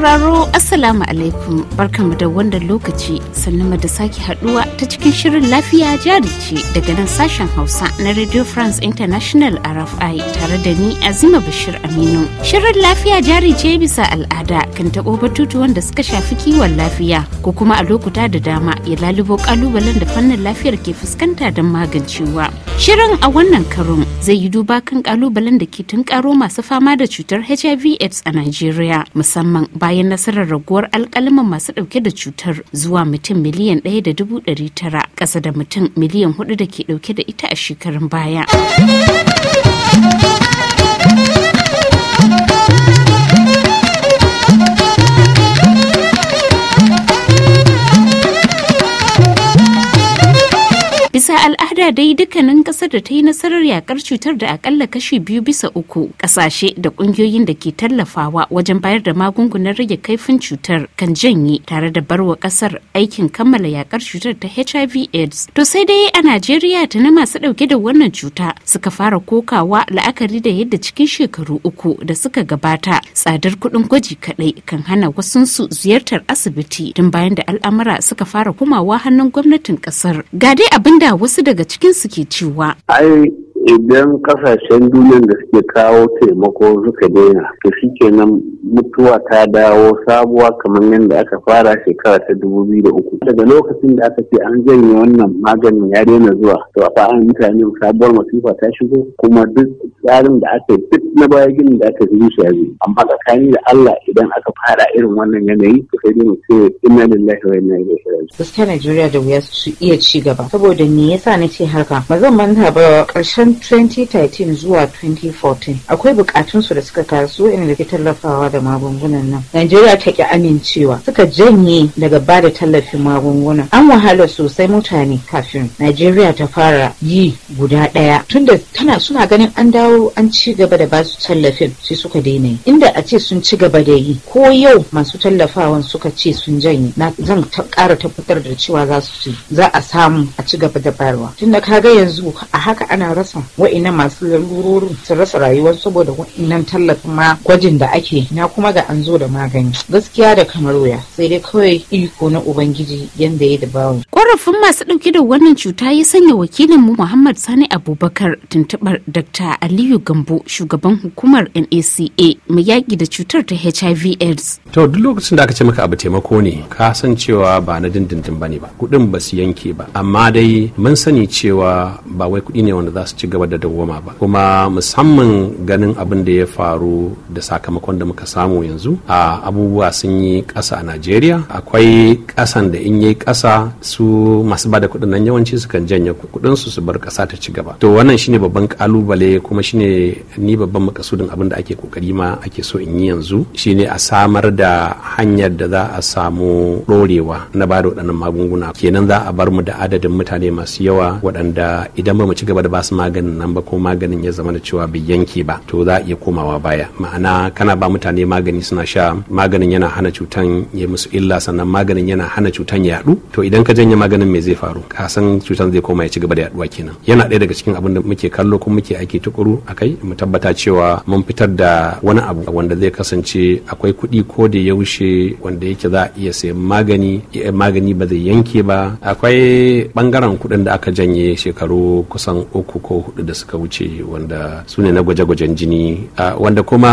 sauraro Assalamu alaikum barkanmu da wannan lokaci sannan da sake haduwa ta cikin shirin lafiya jari ce daga nan sashen Hausa na Radio France International RFI tare da ni Azima Bashir Aminu. Shirin lafiya jari ce bisa al'ada kan tabo batutuwan da suka shafi kiwon lafiya ko kuma a lokuta da dama ya lalubo kalubalen da fannin lafiyar ke fuskanta don magancewa. Shirin a wannan karon zai yi duba kan kalubalen da ke tunkaro masu fama da cutar HIV AIDS a Najeriya musamman ba bayan nasarar raguwar alkalaman masu dauke da cutar zuwa mutum miliyan ɗaya da ƙasa da mutum miliyan 4 da ke dauke da ita a shekarun baya. dai dukkanin kasar da ta yi nasarar yakar cutar da akalla kashi biyu bisa uku kasashe da kungiyoyin da ke tallafawa wajen bayar da magungunan rage kaifin cutar kan janye tare da barwa kasar aikin kammala yakar cutar ta hiv aids to sai dai a najeriya ta na masu dauke da wannan cuta suka fara kokawa la'akari da yadda cikin shekaru uku da suka gabata tsadar kuɗin gwaji kaɗai kan hana wasunsu ziyartar asibiti tun bayan da al'amura suka fara komawa hannun gwamnatin kasar ga dai abin da wasu daga cikin cikin su ke cewa. Ai idan kasashen duniyan da suke kawo taimako suka daina to nan mutuwa ta dawo sabuwa kamar yadda aka fara shekara ta dubu biyu da uku daga lokacin da aka ce an janye wannan maganin ya daina zuwa to a fa'an mutane sabuwar masifa ta shigo kuma duk tsarin da aka yi duk na baya ginin da aka yi shi yanzu amma tsakani da Allah idan aka fara irin wannan yanayi to sai dai mutum inna lillahi wa inna ilaihi raji'un gaskiya Najeriya da wuya su iya ci gaba saboda me yasa nace haka ba zan manta ba ƙarshen 2013 zuwa 2014 akwai bukatun su da suka taso da ke tallafawa da magungunan nan Najeriya ta ki amincewa suka janye daga ba da tallafin magunguna an wahala sosai mutane kafin Najeriya ta fara yi guda ɗaya tunda tana suna ganin an dawo an ci gaba da basu tallafin sai suka daina yi inda a ce sun ci gaba da yi ko yau masu tallafawan suka ce sun janye na zan ƙara tabbatar da cewa za su ci za a samu a ci gaba da bayarwa tunda kaga yanzu a haka ana rasa kasan wa'innan masu lalurorin su rasa rayuwar saboda wa'innan tallafin ma gwajin da ake na kuma ga an zo da magani gaskiya da kamar wuya sai dai kawai iko na ubangiji yanda ya dabawa korafin masu ɗauke da wannan cuta ya sanya wakilin mu muhammad sani abubakar tuntubar dr aliyu gambo shugaban hukumar naca mai yaƙi da cutar ta hiv aids to duk lokacin da aka ce maka abu taimako ne ka san cewa ba na dindindin ba ne ba kuɗin ba su yanke ba amma dai mun sani cewa ba wai kuɗi ne wanda za su ci gaba da dawwama ba kuma musamman ganin abin da ya faru da sakamakon da muka samu yanzu a abubuwa sun yi ƙasa a najeriya akwai ƙasan da in yi ƙasa su masu bada kuɗin nan yawanci kan janye kuɗin su su bar ƙasa ta ci gaba to wannan shine babban kalubale kuma shine ni babban makasudin abin da ake kokari ma ake so in yi yanzu shine a samar da hanyar da za a samu ɗorewa na ba da waɗannan magunguna kenan za a bar mu da adadin mutane masu yawa waɗanda idan ba mu ci gaba da basu magani maganin nan ba ko maganin ya zama da cewa bai yanke ba to za a iya komawa baya ma'ana kana ba mutane magani suna sha maganin yana hana cutan ya musu illa sannan maganin yana hana cutan ya yadu to idan ka janye maganin me zai faru ka san cutan zai koma ya ci gaba da yaduwa kenan yana ɗaya daga cikin abin da muke kallo kuma muke aiki tukuru akai mu tabbata cewa mun fitar da wani abu wanda zai kasance akwai kuɗi ko da yaushe wanda yake za a iya sayan magani magani ba zai yanke ba akwai bangaren kuɗin da aka janye shekaru kusan uku ko hudu da suka wuce wanda su ne na gwaje-gwajen jini wanda kuma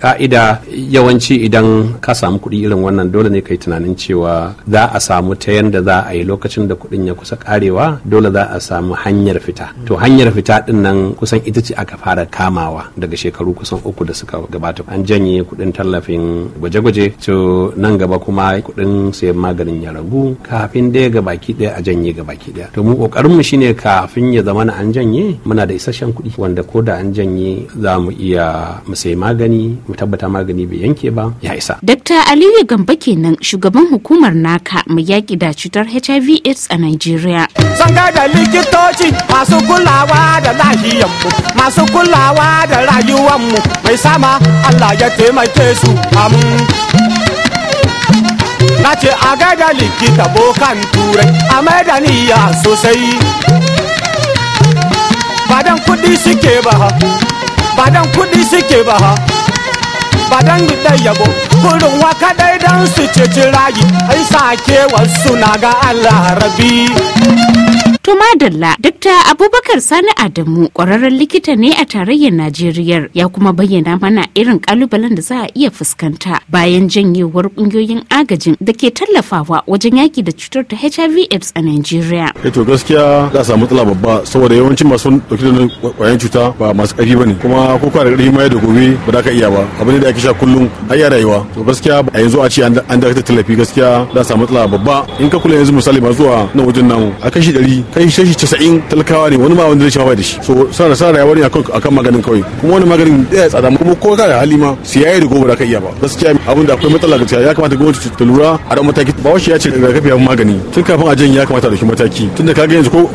ka'ida yawanci idan ka samu kuɗi irin wannan dole ne kai tunanin cewa za a samu ta yanda za a yi lokacin da kuɗin ya kusa karewa dole za a samu hanyar fita to hanyar fita din nan kusan ita ce aka fara kamawa daga shekaru kusan uku da suka gabata an janye kuɗin tallafin gwaje-gwaje to nan gaba kuma kuɗin sayan maganin ya ragu kafin ɗaya ga baki ɗaya a janye ga baki ɗaya to mu ƙoƙarinmu shine kafin ya zama an janye muna da isasshen kuɗi wanda ko da an janye za mu iya mu sayi magani mu tabbata magani bai yanke ba ya isa. Dr Aliyu Gamba kenan shugaban hukumar naka mu yaƙi da cutar HIV AIDS a Najeriya. Zan da likitoci masu kulawa da mu masu kulawa da mu mai sama Allah ya taimake su amin. na ce a gada likita bokan turai a niyya sosai badan ba ha badan dan kuɗi suke ba ha ba dan yabo waka dai dan su ce rayu ai sake wasu na ga Allah rabi To madalla Dr. Abubakar Sani Adamu kwararren likita ne a tarayyar Najeriya ya kuma bayyana mana irin kalubalen da za a iya fuskanta bayan janyewar kungiyoyin agajin da ke tallafawa wajen yaki da cutar ta HIV AIDS a Najeriya. Eh to gaskiya za a samu matsala babba saboda yawancin masu dauke da kwayoyin cuta ba masu karfi bane kuma ko kwa da karfi ma da gobe ba za ka iya ba abin da ake sha kullum har ya rayuwa to gaskiya a yanzu a ce an dakatar tallafi gaskiya za a samu matsala babba in ka kula yanzu misali masu zuwa nan wajen namu a kashi ɗari kai shashi casa'in talakawa ne wani ma wanda zai shafa da shi so sana sana ya wani a kan maganin kawai kuma wani maganin ɗaya tsada kuma ko ka da hali ma su yayi da gobe da ka iya ba gaskiya abin da akwai matsala gaskiya ya kamata gwamnati ta lura a dan mataki ba washi ya ce ga kafi ya magani tun kafin a janye ya kamata da shi mataki tun da ka ga yanzu ko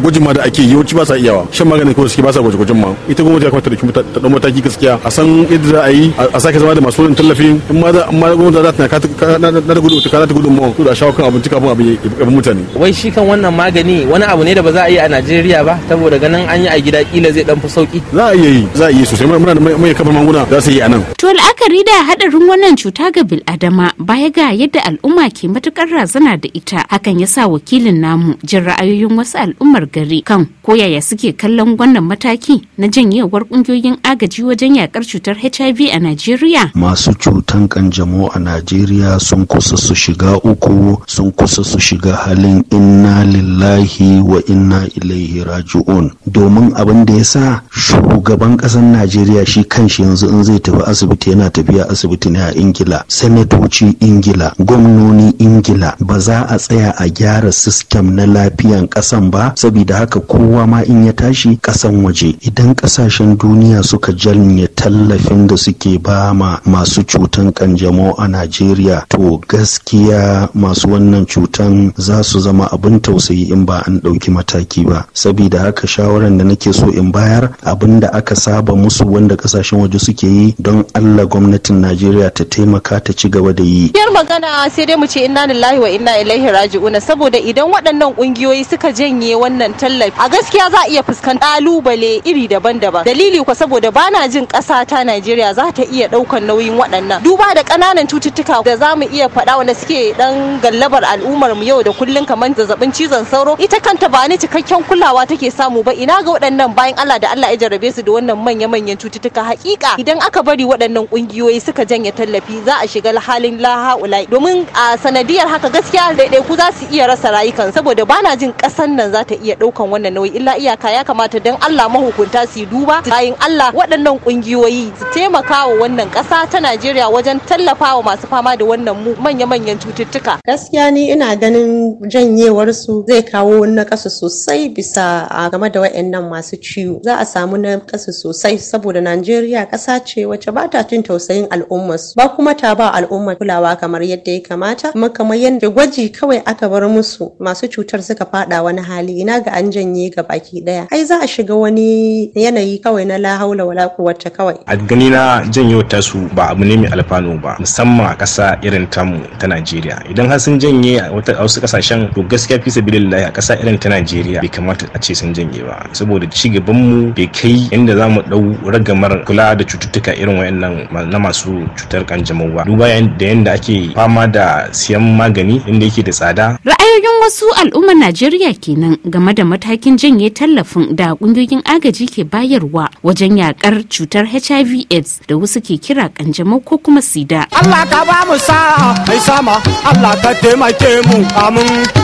gwajin ma da ake yi yawanci ba sa iyawa shan maganin kawai suke ba sa gwaji gwajin ma ita gwamnati ya kamata da shi ta dan mataki gaskiya a san yadda za a yi a sake zama da masu wurin tallafi in ma za ma gwamnati za ta na na gudu ta ta gudu mu da shawo kan abinci kafin abin mutane wai shi kan wannan magani wani abu ne da ba za a yi a Najeriya ba saboda ganin an yi a gida kila zai dan fi sauki za a yi za a yi sosai muna mai kafa manguna za su yi a nan to la'akari da hadarin wannan cuta ga bil adama baya ga yadda al'umma ke matukar razana da ita hakan yasa wakilin namu jin ra'ayoyin wasu al'ummar gari kan koyaya suke kallon wannan mataki na janyewar kungiyoyin agaji wajen yakar cutar HIV a Najeriya masu cutan kanjamau a Najeriya sun kusa su shiga uku sun kusa su shiga halin inna lillahi lillahi wa inna ilaihi raji'un domin abin da ya sa shugaban ƙasar najeriya shi kanshi yanzu in zai tafi asibiti yana tafiya asibiti ne a ingila sanatoci ingila gwamnoni ingila ba za a tsaya a gyara sistem na lafiyan ƙasan ba saboda haka kowa ma in ya tashi ƙasan waje idan ƙasashen duniya suka janye tallafin da suke ba ma masu cutan kanjamau a najeriya to gaskiya masu wannan cutan za su zama abin tausayi in ba an ɗauki mataki ba saboda haka shawaran da nake so in bayar abin da aka saba musu wanda kasashen waje suke yi don allah gwamnatin najeriya ta taimaka ta ci gaba da yi yar magana sai dai mu ce inna lillahi wa inna ilaihi raji'una saboda idan waɗannan ƙungiyoyi suka janye wannan tallafi a gaskiya za a iya fuskantar ƙalubale iri daban-daban dalili ko saboda bana jin ƙasa ta najeriya za ta iya ɗaukar nauyin waɗannan duba da ƙananan cututtuka da za mu iya faɗa wanda suke ɗan gallabar al'ummar mu yau da kullum kamar zazzabin cizon sauro ita kanta ba ne cikakken kulawa take samu ba ina ga waɗannan bayan Allah da Allah ya jarabe su da wannan manya-manyan cututtuka hakika idan aka bari waɗannan ƙungiyoyi suka janye tallafi za a shiga halin laha'ulai domin a sanadiyar haka gaskiya ku za su iya rasa rayukan saboda bana jin ƙasan nan za ta iya ɗaukan wannan nauyi illa iyaka ya kamata dan Allah mahukunta su duba bayan Allah waɗannan ƙungiyoyi su taimaka wa wannan ƙasa ta Najeriya wajen tallafawa masu fama da wannan manya-manyan cututtuka. Gaskiya ni ina ganin janyewar su zai kawo na ƙasa sosai bisa a game da waɗannan masu ciwo za a samu na ƙasa sosai saboda najeriya ƙasa ce wacce ba ta cin tausayin al'ummarsu ba kuma ta ba al'ummar kulawa kamar yadda ya kamata kuma kamar yadda gwaji kawai aka bar musu masu cutar suka fada wani hali ina ga an janye ga baki ɗaya ai za a shiga wani yanayi kawai na lahaula wala kuwata kawai a gani na janyo ta su ba abu ne mai alfanu ba musamman a ƙasa irin tamu ta Najeriya idan har sun janye a wasu ƙasashen to gaskiya fi sabilillahi a ƙasa irin ta Najeriya bai kamata a ce sun janye ba saboda ci gaban mu bai kai inda mu dau ragamar kula da cututtuka irin wayannan na masu cutar kanjamau ba duba da yanda ake fama da siyan magani inda yake da tsada ra'ayoyin wasu al'ummar Najeriya kenan game da matakin janye tallafin da kungiyoyin agaji ke bayarwa wajen yakar cutar HIV AIDS da wasu ke kira kanjamau ko kuma sida Allah ka ba mu sa'a mai sama Allah ka taimake mu amin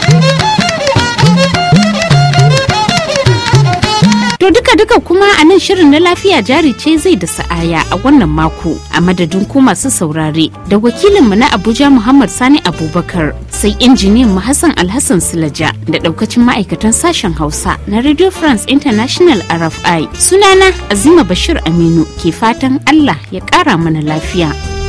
To duka duka kuma a nan shirin na lafiya jari ce zai da sa'aya a wannan mako a madadin ko masu saurare da wakilinmu na Abuja Muhammad Sani Abubakar sai injiniyan mu Hassan Alhassan Sulaja da daukacin ma'aikatan sashen Hausa na Radio France International RFI sunana Azima Bashir Aminu ke fatan Allah ya kara mana lafiya.